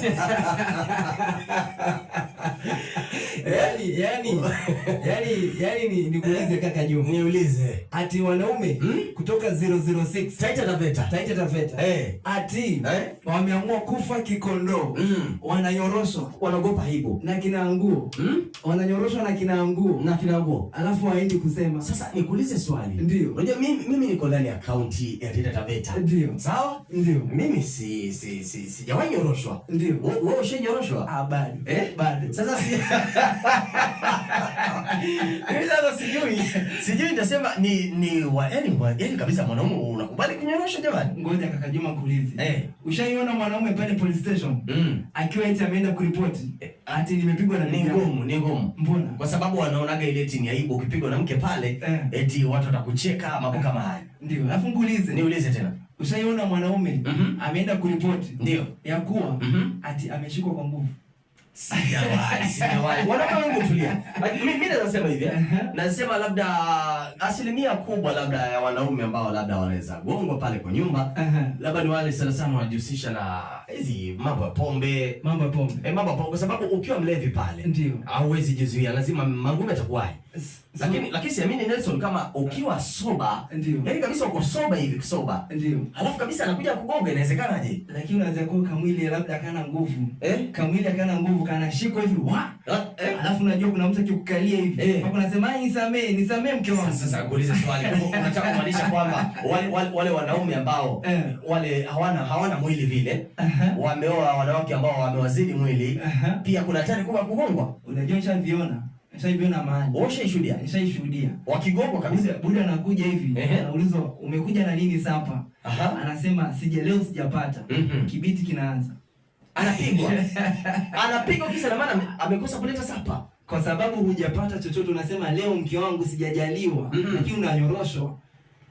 ハハハハ Yaani yaani yaani yaani nikuulize kaka Juma. Niulize. Ati wanaume hmm? kutoka 006 Taita Taveta. Taita Taveta. Hey. Eh. Ati hey? Eh? wameamua kufa kikondoo. Mm. Wananyoroshwa, wanaogopa hibo. Na kina nguo. Mm? Wananyoroshwa na kina nguo. Na kina nguo. Alafu waendi kusema. Sasa nikuulize swali. Ndio. Unajua mimi mimi niko ndani ya kaunti ya Taita Taveta. Ndio. Sawa? Ndio. Mimi si si si sijawanyoroshwa. Ndio. Wewe ushanyoroshwa? Ah bado. Eh? Bado. Sasa si Sasa sijui. Sijui nitasema ni ni wa yani yani kabisa mwanaume unakubali kunyorosha jamani. Ngoja kaka Juma kulizi Eh. Hey. Ushaiona mwanaume pale police station? Mm. Akiwa eti ameenda kuripoti. Eh. Ati nimepigwa na ni ngumu ni ngumu Mbona? Kwa sababu wanaonaga ile eti ni aibu ukipigwa na mke pale hey. Eh. Eti watu watakucheka mambo eh. kama haya. Ndio. Alafu ngulize. Niulize tena. Ushaiona mwanaume mm -hmm. ameenda kuripoti. Ndio. Ya kuwa mm -hmm. ati ameshikwa kwa nguvu. Sijawahi, sijawahi. Wanadamu Nasema eh. uh-huh. labda asilimia kubwa labda ya wanaume ambao labda wanaweza gongo pale kwa nyumba. Uh-huh. Labda ni wale sana sana wanajihusisha na hizi mambo ya pombe. Mambo ya pombe. Eh, mambo ya pombe kwa sababu ukiwa mlevi pale. Ndio. Hauwezi jizuia, lazima mangume atakuwahi. Lakini lakini siamini Nelson kama ukiwa soba, ndio yani kabisa uko soba hivi kusoba. Ndio. Halafu kabisa anakuja kugonga inawezekanaje? Lakini unaweza kuwa kamwili labda kana nguvu. Eh? Kamwili kana nguvu kana shiko hivi wa. Eh? Halafu unajua kuna mtu akikukalia hivi. Eh. Hapo unasema ni samee mke wangu. Sasa kuuliza swali. Unataka kumaanisha kwamba wale wale, wale wanaume ambao eh, wale hawana hawana mwili vile. Uh-huh. Wameoa wanawake ambao wamewazidi mwili. Uh-huh. Pia kuna hatari kubwa kugongwa. Unajua nishaviona. Nishaiona mahali. Ushaishuhudia? Nishaishuhudia. Wakigongwa kabisa. Buda anakuja hivi, anaulizwa umekuja na nini sapa? Aha. Anasema sija leo sijapata. Mm -hmm. Kibiti kinaanza. Anapigwa. Anapigwa kisa na maana amekosa kuleta sapa. Kwa sababu hujapata chochote unasema leo mke wangu sijajaliwa, mm -hmm. Lakini unanyoroshwa.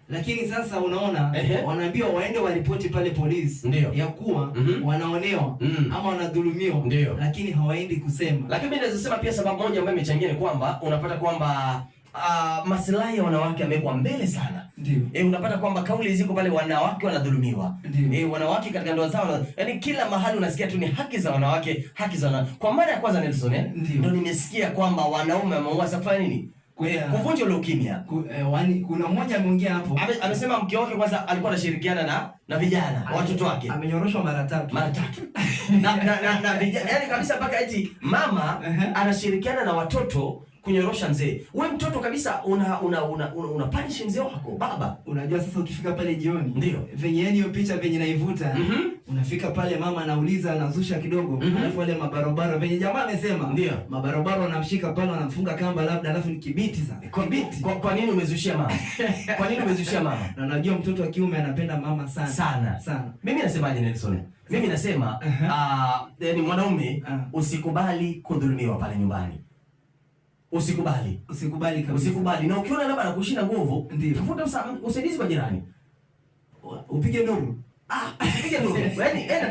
Lakini sasa unaona wanaambia wanaambiwa waende waripoti pale polisi ya kuwa mm -hmm. wanaonewa mm. ama wanadhulumiwa lakini hawaendi kusema. Lakini mimi naweza sema pia sababu moja ambayo imechangia ni kwamba unapata kwamba Uh, ah, masilahi ya wanawake amewekwa mbele sana. Ndiyo. E, eh, unapata kwamba kauli ziko pale, wanawake wanadhulumiwa. E, wanawake katika ndoa zao, yaani kila mahali unasikia tu ni haki za wanawake, haki za wanawake. Kwa mara ya kwanza Nelson, eh? ndio nimesikia kwamba wanaume wameamua safari nini Eh, kuvunja ule ukimya. Eh, kuna mmoja ameongea hapo, amesema mke wake kwanza alikuwa anashirikiana na na vijana watoto wake, amenyoroshwa mara tatu mara tatu na na na vijana, yani kabisa, mpaka eti mama uh-huh. anashirikiana na watoto kunyorosha mzee. We mtoto kabisa una una una, una, una punish mzee wako baba. Unajua sasa ukifika pale jioni ndio venye yani hiyo picha venye naivuta mm -hmm. Unafika pale mama anauliza anazusha kidogo mm -hmm. Alafu wale mabarobaro venye jamaa amesema ndio mabarobaro wanamshika pale wanamfunga kamba labda alafu ni kibiti sana. Kibiti. Kwa, kwa nini umezushia mama? Kwa nini umezushia mama? Na unajua mtoto wa kiume anapenda mama sana. Sana. Sana. Mimi nasemaje Nelson? Mimi nasema uh ah, -huh. Eh, uh, yani mwanaume uh ah. -huh. Usikubali kudhulumiwa pale nyumbani. Usikubali, usikubali kabisa, usikubali. Na ukiona labda anakushinda nguvu, ndio tafuta usaidizi kwa jirani, upige ndugu Yaani, yaani eh.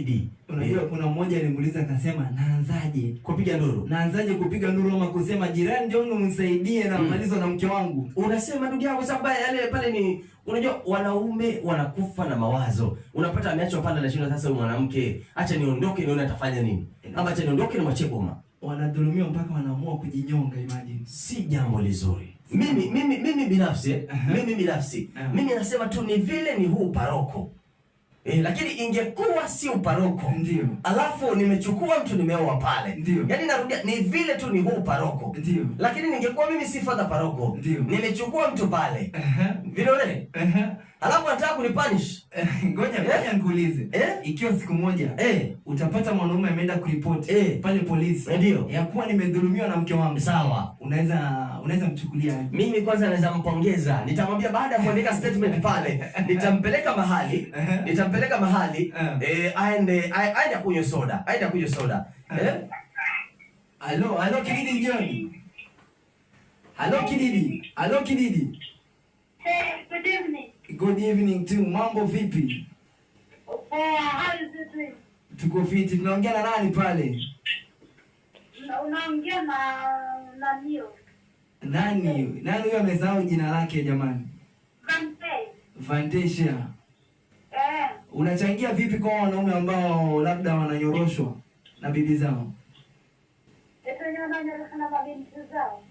eh. kuna mmoja alimuuliza akasema naanzaje kupiga nduru? Naanzaje kupiga nduru ama kusema jirani ndio unisaidie na hmm. malizo na mke wangu? Unasema ndugu yangu sababu yale pale ni unajua wanaume wanakufa na mawazo. Unapata ameachwa pale anashinda sasa mwanamke. Acha niondoke nione atafanya nini. Eh. Ama acha niondoke Wanadhulumiwa mpaka wanaamua kujinyonga imagine. Si jambo lizuri mimi mimi mimi binafsi uh -huh. mimi binafsi uh -huh. mimi nasema tu ni vile ni huu paroko E, lakini ingekuwa si uparoko ndio, alafu nimechukua mtu nimeoa pale ndio, yaani narudia, ni vile tu ni huu paroko ndio, lakini ningekuwa mimi si father paroko ndio, nimechukua mtu pale uh -huh. vile vilole uh -huh. alafu anataka kunipunish ngoja eh? yeah. nikuulize eh? ikiwa siku moja eh? yeah. utapata mwanaume ameenda kuripoti eh? pale polisi eh, ndio ya kuwa nimedhulumiwa na mke wangu, sawa, unaweza unaweza mchukulia. Mimi kwanza naweza mpongeza, nitamwambia baada ya kuandika statement pale, nitampeleka mahali nitampeleka mahali eh, aende aende kunywa soda, aende kunywa soda eh. Halo, halo Kididi John. Halo Kididi, halo Kididi. Hey, good evening. Good evening to Mambo vipi? Poa, hali is Tuko fiti. Tunaongea na nani pale? Unaongea na na Nio. Nani? Nani huyo amesahau jina lake jamani? Fantasia. Eh. Unachangia vipi kwa wanaume ambao labda wananyoroshwa na bibi zao?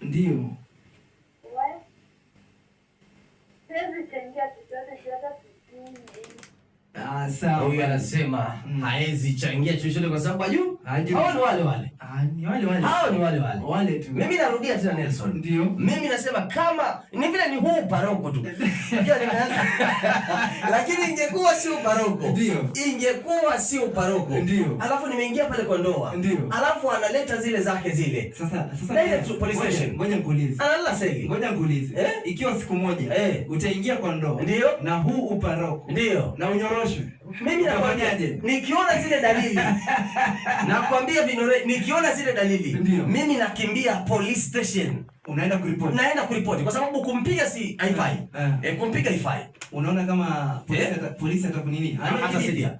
Ndio. Ah, sawa. Huyu anasema mm. haezi changia chochote kwa sababu ajuu hao ni wale wale. Ah, ni wale Hao ni wale wale. Wale tu. Mimi narudia tena Nelson. Ndio. Mimi nasema kama ni vile ni huu paroko tu. Lakini ingekuwa sio paroko. Ndio. Ingekuwa sio paroko. Ndio. Alafu nimeingia pale kwa ndoa. Ndio. Alafu analeta zile zake zile. Sasa sasa. Na police station. Ngoja nikuulize. Analala sasa. Ngoja nikuulize. Eh? Ikiwa siku moja eh, utaingia kwa ndoa. Ndio. Na huu uparoko. Ndio. Na unyoroshwe. Mimi nafanyaje? Nikiona zile dalili. Nakwambia Vinore, nikiona zile dalili Ndiyo. mimi nakimbia police station. Unaenda kuripoti. Naenda kuripoti kwa sababu kumpiga si haifai. Eh, eh. eh kumpiga haifai. Unaona kama polisi eh? polisi atakunini? Hata saidia.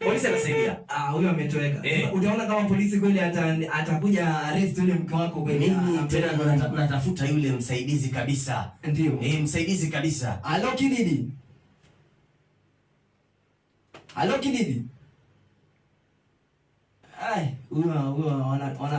Polisi atasaidia. Ah, huyo ametoweka. Eh. Utaona kama polisi kweli atakuja arrest yule mke wako kweli. Mimi ah, tena natafuta yule msaidizi kabisa. Ndio. Eh, msaidizi kabisa. Alo kididi. Alo kididi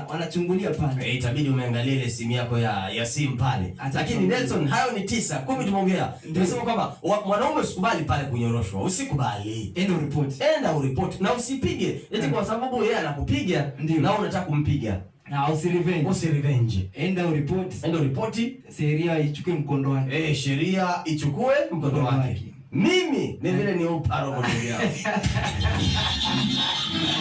wanachungulia pale. Eh, itabidi umeangalia ile simu yako ya ya simu pale. Lakini Nelson, hayo ni tisa, kumi tumeongea. Tumesema kwamba mwanaume usikubali pale kunyoroshwa, usikubali. Enda report. Enda report na usipige. Eti kwa sababu yeye anakupiga na unataka kumpiga. Na usi revenge. Usi revenge. Enda report. Enda report. Sheria ichukue mkondo wake. Eh, sheria ichukue mkondo wake. Mimi ni vile ni upa robo kwa